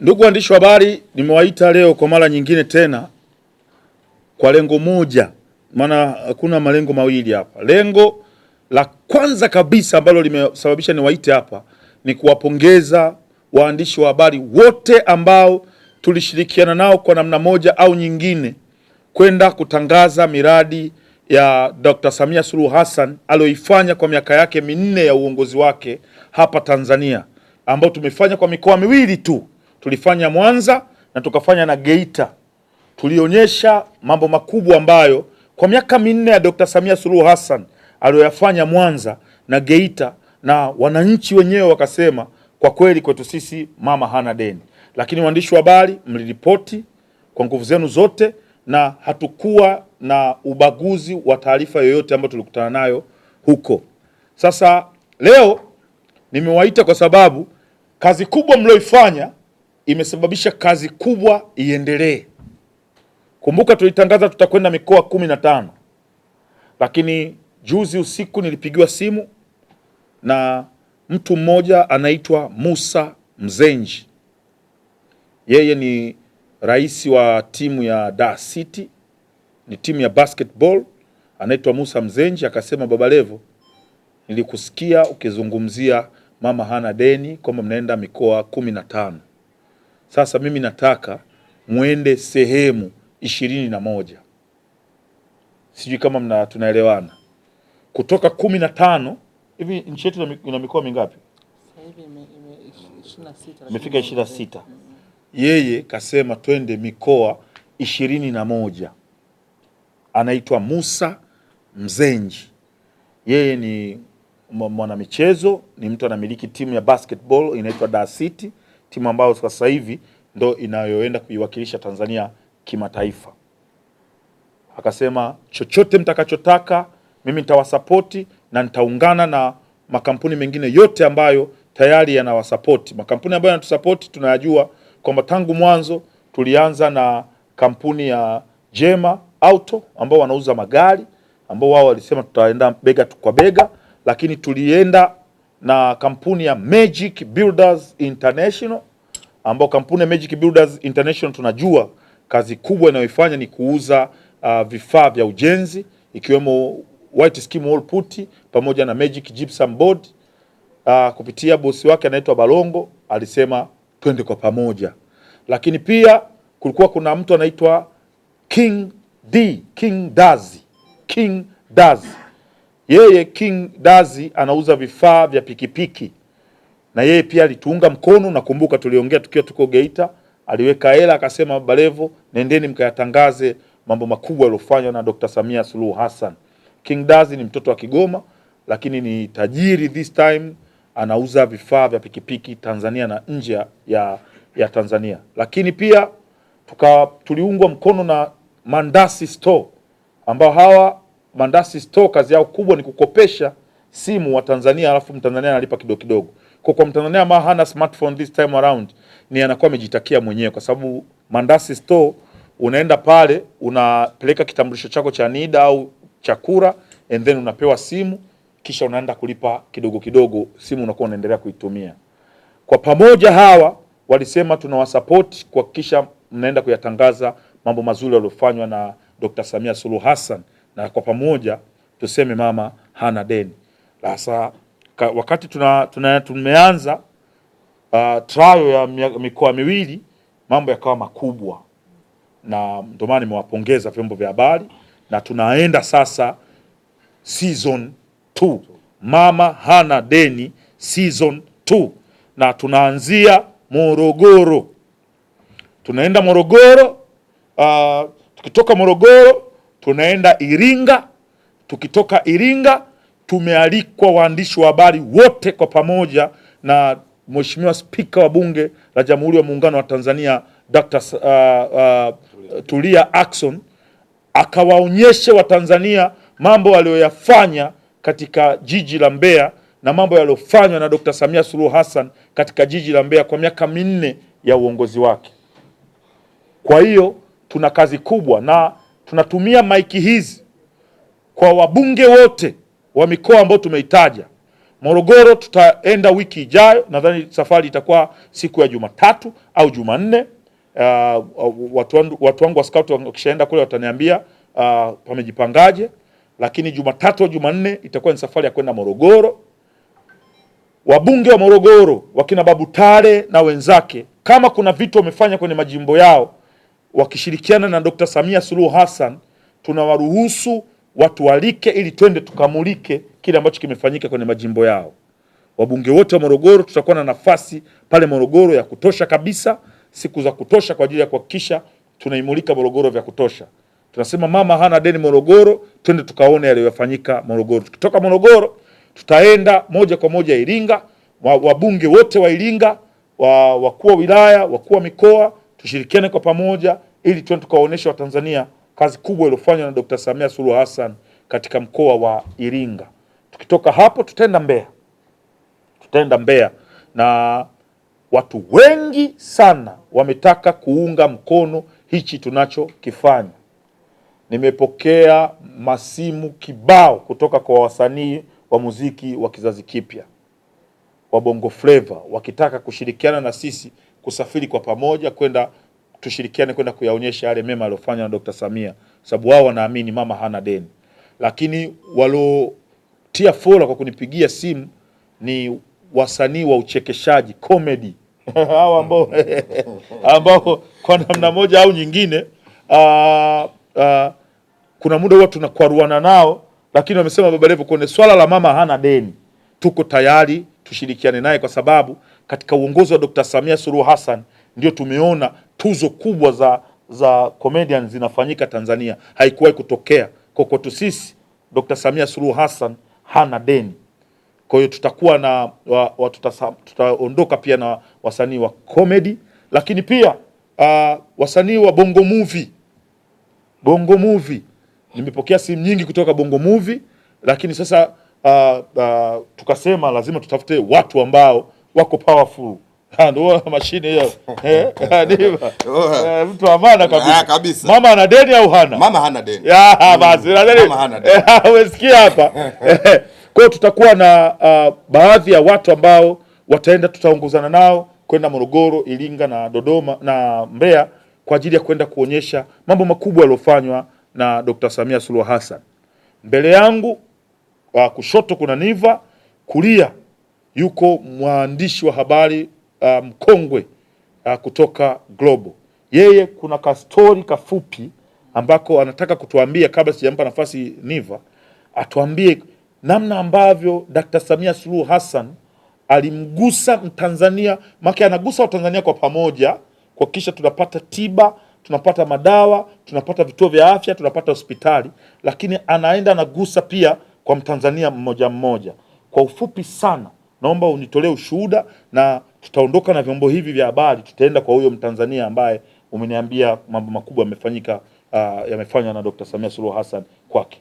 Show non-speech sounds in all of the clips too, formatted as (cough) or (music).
Ndugu waandishi wa habari, nimewaita leo kwa mara nyingine tena kwa lengo moja, maana hakuna malengo mawili hapa. Lengo la kwanza kabisa ambalo limesababisha niwaite hapa ni kuwapongeza waandishi wa habari wote ambao tulishirikiana nao kwa namna moja au nyingine kwenda kutangaza miradi ya Dr. Samia Suluhu Hassan aliyoifanya kwa miaka yake minne ya uongozi wake hapa Tanzania, ambao tumefanya kwa mikoa miwili tu tulifanya Mwanza na tukafanya na Geita. Tulionyesha mambo makubwa ambayo kwa miaka minne ya Dr. Samia Suluhu Hassan aliyoyafanya Mwanza na Geita, na wananchi wenyewe wakasema kwa kweli kwetu sisi mama hana deni. Lakini waandishi wa habari mliripoti kwa nguvu zenu zote, na hatukuwa na ubaguzi wa taarifa yoyote ambayo tulikutana nayo huko. Sasa leo nimewaita kwa sababu kazi kubwa mlioifanya imesababisha kazi kubwa iendelee. Kumbuka tulitangaza tutakwenda mikoa kumi na tano, lakini juzi usiku nilipigiwa simu na mtu mmoja anaitwa Musa Mzenji. Yeye ni rais wa timu ya Dar City, ni timu ya basketball, anaitwa Musa Mzenji. Akasema, Baba Levo, nilikusikia ukizungumzia mama hana deni, kwamba mnaenda mikoa kumi na tano. Sasa mimi nataka mwende sehemu ishirini na moja, sijui kama mna tunaelewana, kutoka kumi na tano hivi. Nchi yetu ina mikoa mingapi? Imefika ishirini na sita. Mm-hmm. Yeye kasema twende mikoa ishirini na moja. Anaitwa Musa Mzenji, yeye ni mwanamichezo, ni mtu anamiliki timu ya basketball inaitwa Dar City timu ambayo sasa hivi ndo inayoenda kuiwakilisha Tanzania kimataifa. Akasema chochote mtakachotaka mimi nitawasapoti na nitaungana na makampuni mengine yote ambayo tayari yanawasapoti. Makampuni ambayo yanatusapoti tunayajua kwamba tangu mwanzo tulianza na kampuni ya Jema Auto ambao wanauza magari ambao wao walisema tutaenda bega kwa bega, lakini tulienda na kampuni ya Magic Builders International, ambao kampuni ya Magic Builders International tunajua kazi kubwa inayoifanya ni kuuza uh, vifaa vya ujenzi ikiwemo white skim wall putty pamoja na Magic Gypsum Board. Uh, kupitia bosi wake anaitwa Balongo alisema twende kwa pamoja, lakini pia kulikuwa kuna mtu anaitwa King D, King Dazi, King Dazi yeye King Dazi anauza vifaa vya pikipiki na yeye pia alituunga mkono. Nakumbuka tuliongea tukiwa tuko Geita, aliweka hela akasema, Balevo nendeni mkayatangaze mambo makubwa yaliyofanywa na Dr. Samia Suluhu Hassan. King Dazi ni mtoto wa Kigoma lakini ni tajiri this time, anauza vifaa vya pikipiki Tanzania na nje ya, ya Tanzania. Lakini pia tuka tuliungwa mkono na Mandasi Store ambao hawa Mandasi Store kazi yao kubwa ni kukopesha simu wa Tanzania, alafu mtanzania analipa kidogo kidogo. Kwa kwa mtanzania ambaye hana smartphone this time around, ni anakuwa amejitakia mwenyewe, kwa sababu Mandasi Store unaenda pale unapeleka kitambulisho chako cha NIDA au cha kura, and then unapewa simu, kisha unaenda kulipa kidogo kidogo, simu unakuwa unaendelea kuitumia. Kwa pamoja hawa walisema tunawasapoti kuhakikisha mnaenda kuyatangaza mambo mazuri yaliyofanywa na Dr. Samia Suluhu Hassan na kwa pamoja tuseme mama hana deni. Sasa wakati tuna, tuna, tumeanza uh, trial ya mikoa miwili mambo yakawa makubwa, na ndio maana nimewapongeza vyombo vya habari, na tunaenda sasa season 2 mama hana deni season 2 na tunaanzia Morogoro, tunaenda Morogoro. Uh, tukitoka Morogoro tunaenda Iringa. Tukitoka Iringa tumealikwa waandishi wa habari wote kwa pamoja na Mheshimiwa Spika wa Bunge la Jamhuri ya Muungano wa Tanzania Dr. uh, uh, Tulia Ackson akawaonyeshe Watanzania mambo aliyoyafanya katika jiji la Mbeya na mambo yaliyofanywa na Dr. Samia Suluhu Hassan katika jiji la Mbeya kwa miaka minne ya uongozi wake. Kwa hiyo tuna kazi kubwa na tunatumia maiki hizi kwa wabunge wote wa mikoa ambayo tumeitaja. Morogoro tutaenda wiki ijayo, nadhani safari itakuwa siku ya Jumatatu au Jumanne. Uh, uh watu, watu wangu wa scout wakishaenda kule wataniambia uh, pamejipangaje, lakini Jumatatu au Jumanne itakuwa ni safari ya kwenda Morogoro. Wabunge wa Morogoro wakina Babu Tale na wenzake, kama kuna vitu wamefanya kwenye majimbo yao wakishirikiana na Dr. Samia Suluhu Hassan tunawaruhusu walike ili twende tukamulike kile ambacho kimefanyika kwenye majimbo yao. Wabunge wote wa Morogoro tutakuwa na nafasi pale Morogoro ya kutosha kabisa, siku za kutosha kwa ajili ya kuhakikisha tunaimulika Morogoro vya kutosha. Tunasema mama hana deni Morogoro, twende tukaone yaliyofanyika Morogoro. Tukitoka Morogoro tutaenda moja kwa moja Iringa. Wabunge wote wa Iringa, wakuu wa wilaya, wakuu wa mikoa tushirikiane kwa pamoja ili tuende tukawaonyesha Watanzania kazi kubwa iliyofanywa na Dr. Samia Suluhu Hassan katika mkoa wa Iringa. Tukitoka hapo tutaenda Mbeya, tutaenda Mbeya na watu wengi sana wametaka kuunga mkono hichi tunachokifanya. Nimepokea masimu kibao kutoka kwa wasanii wa muziki wa kizazi kipya wa Bongo Flava wakitaka kushirikiana na sisi kusafiri kwa pamoja kwenda tushirikiane kwenda kuyaonyesha yale mema aliyofanya na Dr. Samia, sababu wao wanaamini mama hana deni. Lakini waliotia fora kwa kunipigia simu ni wasanii wa uchekeshaji comedy (laughs) hao ambao (laughs) ambao kwa namna moja au nyingine uh, uh, kuna muda huwa tunakwaruana nao, lakini wamesema Baba Levo, kwenye swala la mama hana deni tuko tayari tushirikiane naye kwa sababu katika uongozi wa Dr. Samia Suluhu Hassan ndio tumeona tuzo kubwa za za comedians zinafanyika Tanzania, haikuwahi kutokea. Kwa kwetu sisi Dr. Samia Suluhu Hassan hana deni, kwa hiyo tutakuwa na wa, wa tutaondoka pia na wasanii wa comedy, lakini pia uh, wasanii wa bongo movie. Bongo movie nimepokea simu nyingi kutoka bongo movie, lakini sasa uh, uh, tukasema lazima tutafute watu ambao wako powerful ndio mashine hiyo (laughs) eh, ndio eh, mtu amana kabisa ah, kabisa. Mama ana deni au hana? Mama hana deni ya mm. basi, nadhani mama hana deni, (laughs) umesikia hapa. (laughs) Eh, kwa hiyo tutakuwa na uh, baadhi ya watu ambao wataenda, tutaongozana nao kwenda Morogoro, Iringa na Dodoma na Mbeya kwa ajili ya kwenda kuonyesha mambo makubwa yaliyofanywa na Dr. Samia Suluhu Hassan. Mbele yangu wa ah, kushoto kuna Niva, kulia yuko mwandishi wa habari uh, mkongwe um, uh, kutoka Global. Yeye kuna kastori kafupi ambako anataka kutuambia kabla sijampa nafasi Niva atuambie namna ambavyo Dr. Samia Suluhu Hassan alimgusa Mtanzania, maana anagusa Watanzania kwa pamoja kuhakikisha tunapata tiba, tunapata madawa, tunapata vituo vya afya, tunapata hospitali, lakini anaenda anagusa pia kwa Mtanzania mmoja mmoja. Kwa ufupi sana naomba unitolee ushuhuda na tutaondoka na vyombo hivi vya habari, tutaenda kwa huyo Mtanzania ambaye umeniambia mambo makubwa yamefanyika, uh, yamefanywa na Dr. Samia Suluhu Hassan kwake.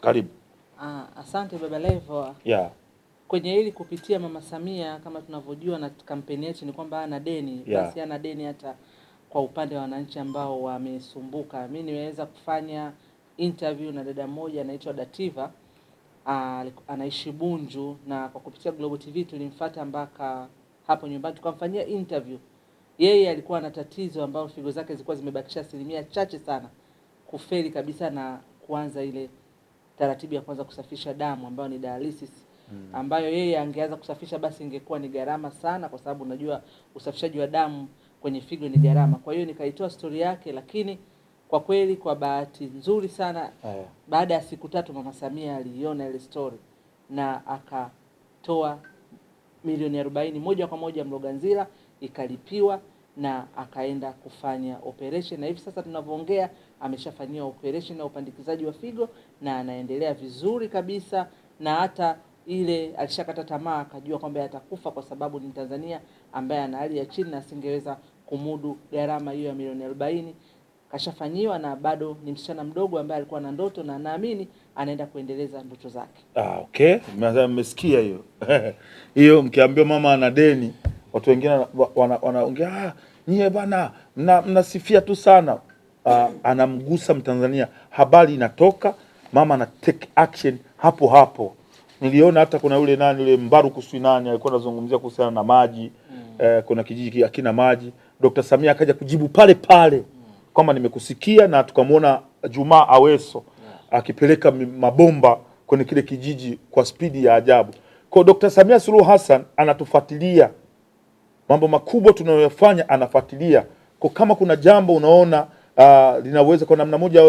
Karibu. Ah, asante Baba Levo. Yeah. Kwenye hili kupitia Mama Samia kama tunavyojua na kampeni yetu ni kwamba ana deni, yeah. Basi ana deni hata kwa upande wa wananchi ambao wamesumbuka. Mimi nimeweza kufanya interview na dada mmoja anaitwa Dativa anaishi Bunju, na kwa kupitia Global TV tulimfuata mpaka hapo nyumbani tukamfanyia interview. Yeye alikuwa na tatizo ambayo figo zake zilikuwa zimebakisha asilimia chache sana kufeli kabisa na kuanza ile taratibu ya kwanza kusafisha damu ambayo ni dialysis hmm. ambayo yeye angeanza kusafisha basi ingekuwa ni gharama sana, kwa sababu unajua usafishaji wa damu kwenye figo ni gharama. Kwa hiyo nikaitoa stori yake, lakini kwa kweli kwa bahati nzuri sana Aya. Baada ya siku tatu mama Samia aliiona ile story na akatoa milioni arobaini moja kwa moja Mloganzila, ikalipiwa na akaenda kufanya operation, na hivi sasa tunavyoongea ameshafanyiwa operation ya upandikizaji wa figo na anaendelea vizuri kabisa, na hata ile alishakata tamaa, akajua kwamba atakufa kwa sababu ni Tanzania ambaye ana hali ya chini na asingeweza kumudu gharama hiyo ya milioni arobaini kashafanyiwa na bado ni msichana mdogo ambaye alikuwa na ndoto na naamini anaenda kuendeleza ndoto zake. Ah, okay, mmesikia hiyo (laughs) hiyo. Mkiambiwa mama ana deni, watu wengine wanaongea wana, ah, nyie bana mnasifia tu sana. Ah, anamgusa Mtanzania, habari inatoka, mama ana take action hapo hapo. Niliona hata kuna yule nani yule Mbaru Kuswi nani alikuwa anazungumzia kuhusiana na maji mm. Eh, kuna kijiji akina maji, Dr. Samia akaja kujibu pale pale mm kwamba nimekusikia na tukamwona Jumaa Aweso akipeleka mabomba kwenye kile kijiji kwa spidi ya ajabu. Kwa Dr. Samia Suluhu Hassan anatufuatilia mambo makubwa tunayoyafanya, anafuatilia kwa kama kuna jambo unaona uh, linaweza kwa namna moja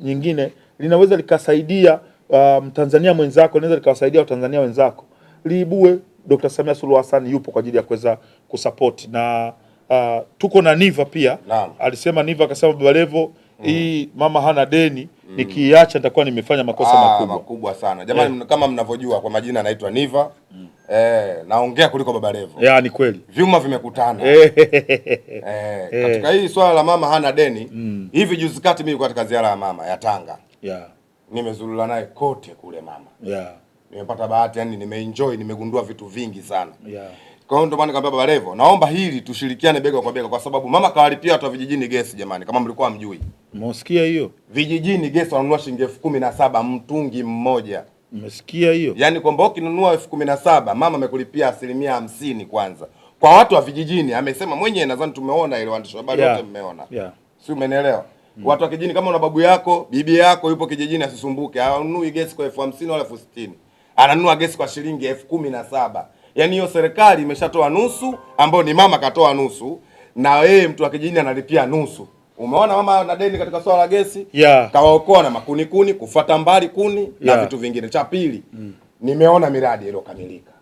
nyingine linaweza likasaidia ah, Mtanzania mwenzako linaweza likawasaidia Watanzania wenzako, liibue. Dr. Samia Suluhu Hassan yupo kwa ajili ya kuweza kusapoti na uh, tuko na Niva pia Naam. alisema Niva akasema Baba Levo mm. hii mm. mama hana deni mm. nikiacha nitakuwa nimefanya makosa Aa, ah, makubwa makubwa sana jamani yeah. kama mnavyojua kwa majina anaitwa Niva mm. eh, naongea kuliko Baba Levo ya, ni kweli vyuma vimekutana eh, (laughs) eh, katika hii swala la mama hana deni mm. hivi juzi kati mimi katika ziara ya mama ya Tanga yeah. nimezulula naye kote kule mama yeah. nimepata bahati yani nimeenjoy nimegundua vitu vingi sana yeah. Kwa hiyo ndio maana nikamwambia Baba Levo, naomba hili tushirikiane bega kwa bega kwa sababu mama kawalipia watu wa vijijini gesi jamani, kama mlikuwa mjui. Mmesikia hiyo? Vijijini gesi wanunua shilingi elfu kumi na saba mtungi mmoja. Mmesikia hiyo? Yaani kwamba ukinunua elfu kumi na saba mama amekulipia asilimia hamsini kwanza. Kwa watu wa vijijini amesema mwenyewe, nadhani tumeona ile waandishi habari wote yeah. Mmeona. Yeah. Si umeelewa? Mm. Watu wa kijijini kama una babu yako, bibi yako yupo kijijini asisumbuke. Hanunui gesi kwa elfu hamsini wala elfu sitini. Ananunua gesi kwa shilingi elfu kumi na saba. Yaani hiyo serikali imeshatoa nusu, ambayo ni mama katoa nusu, na yeye mtu wa kijijini analipia nusu. Umeona mama na deni katika swala la gesi yeah. Kawaokoa na makuni kuni kufuata mbali kuni yeah. na vitu vingine. Cha pili mm. nimeona miradi iliyokamilika,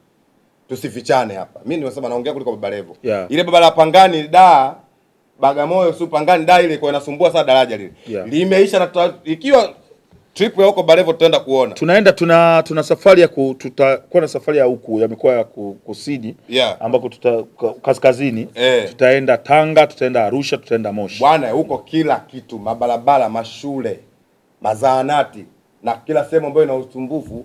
tusifichane hapa, mimi nimesema naongea kuliko baba Levo yeah. ile baba la Pangani da Bagamoyo, si Pangani da ile kwa inasumbua sana daraja lile yeah. limeisha na ikiwa trip ya huko Barevo tutaenda kuona, tunaenda tuna tuna safari ya tutakuwa na safari ya huku ya mikoa ya kusini yeah, ambako tuta kaskazini eh, tutaenda Tanga, tutaenda Arusha, tutaenda Moshi bwana, huko kila kitu, mabarabara, mashule, mazaanati na kila sehemu ambayo ina usumbufu.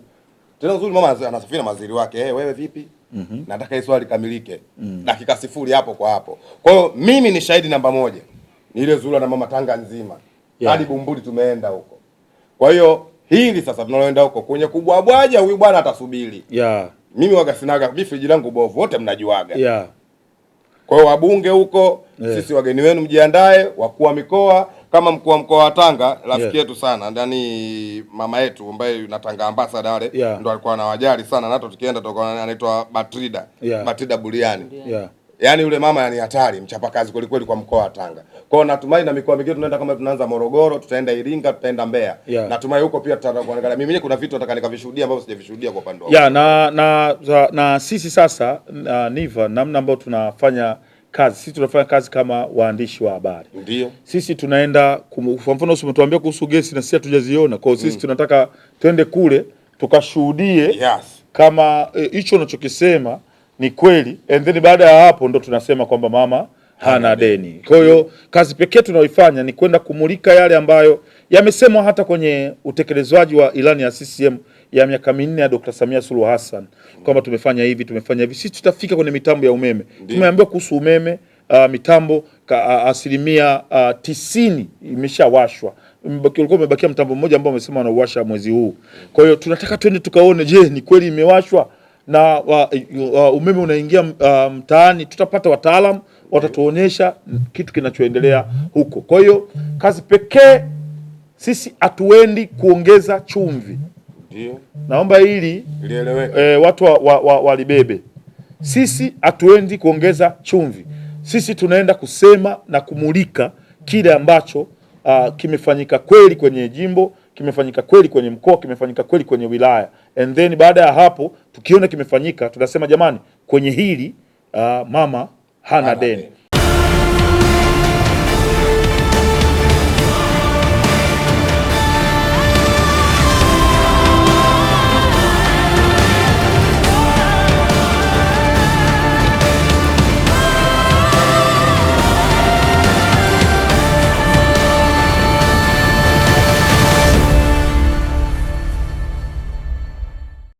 Tena uzuri mama anasafiri na maziri wake, hey, eh, wewe vipi? mm -hmm. nataka hii swali likamilike mm -hmm. dakika sifuri hapo kwa hapo. Kwa hiyo mimi ni shahidi namba moja ni ile zura na mama Tanga nzima hadi yeah. Bumbuli tumeenda huko kwa hiyo hili sasa tunaloenda huko kwenye kubwabwaja, huyu bwana atasubiri. Yeah. Mimi waga sinaga, mimi friji langu bovu, wote mnajuaga. Yeah. Kwa hiyo wabunge huko, yeah. Sisi wageni wenu mjiandae, wakuu wa mikoa kama mkuu wa mkoa wa Tanga rafiki yetu yeah. sana ndani mama yetu ambaye na Tanga ambassador wale yeah. ndo alikuwa anawajali sana, na hata tukienda tukaona anaitwa Batrida yeah. Batrida Buliani yeah. yaani yule mama ni hatari mchapakazi kweli kweli kwa mkoa wa Tanga. Kwa natumai na mikoa mingine tunaenda kama tunaanza Morogoro, tutaenda Iringa, tutaenda Mbeya. Yeah. Natumai huko pia tutaenda kuangalia. Mimi kuna vitu nataka nikavishuhudia ambavyo sijavishuhudia kwa upande Yeah, na, na na na sisi sasa na, Niva namna ambayo tunafanya kazi sisi tunafanya kazi kama waandishi wa habari. Ndio. Sisi tunaenda kwa mfano, umetuambia kuhusu gesi na sisi hatujaziona. Kwa sisi mm. tunataka twende kule tukashuhudie yes. kama eh, hicho e, unachokisema ni kweli and then baada ya hapo ndo tunasema kwamba mama hana deni. Kwa hiyo kazi pekee tunayoifanya ni kwenda kumulika yale ambayo yamesemwa hata kwenye utekelezwaji wa ilani ya CCM ya miaka minne ya Dr. Samia Suluhu Hassan kwamba tumefanya hivi, tumefanya hivi. Sisi tutafika kwenye mitambo ya umeme, tumeambiwa kuhusu umeme uh, mitambo ka, uh, asilimia uh, tisini imeshawashwa ulikuwa umebakia mtambo mmoja ambao umesema wanauwasha mwezi huu. Kwa hiyo tunataka twende tukaone, je, ni kweli imewashwa na uh, uh, umeme unaingia uh, mtaani. Tutapata wataalamu watatuonyesha kitu kinachoendelea huko. Kwa hiyo kazi pekee sisi hatuendi kuongeza chumvi. Ndio. Naomba hili e, watu walibebe wa, wa, wa sisi hatuendi kuongeza chumvi, sisi tunaenda kusema na kumulika kile ambacho uh, kimefanyika kweli kwenye jimbo kimefanyika kweli kwenye mkoa kimefanyika kweli kwenye wilaya, and then baada ya hapo tukiona kimefanyika tunasema jamani, kwenye hili uh, mama hana deni.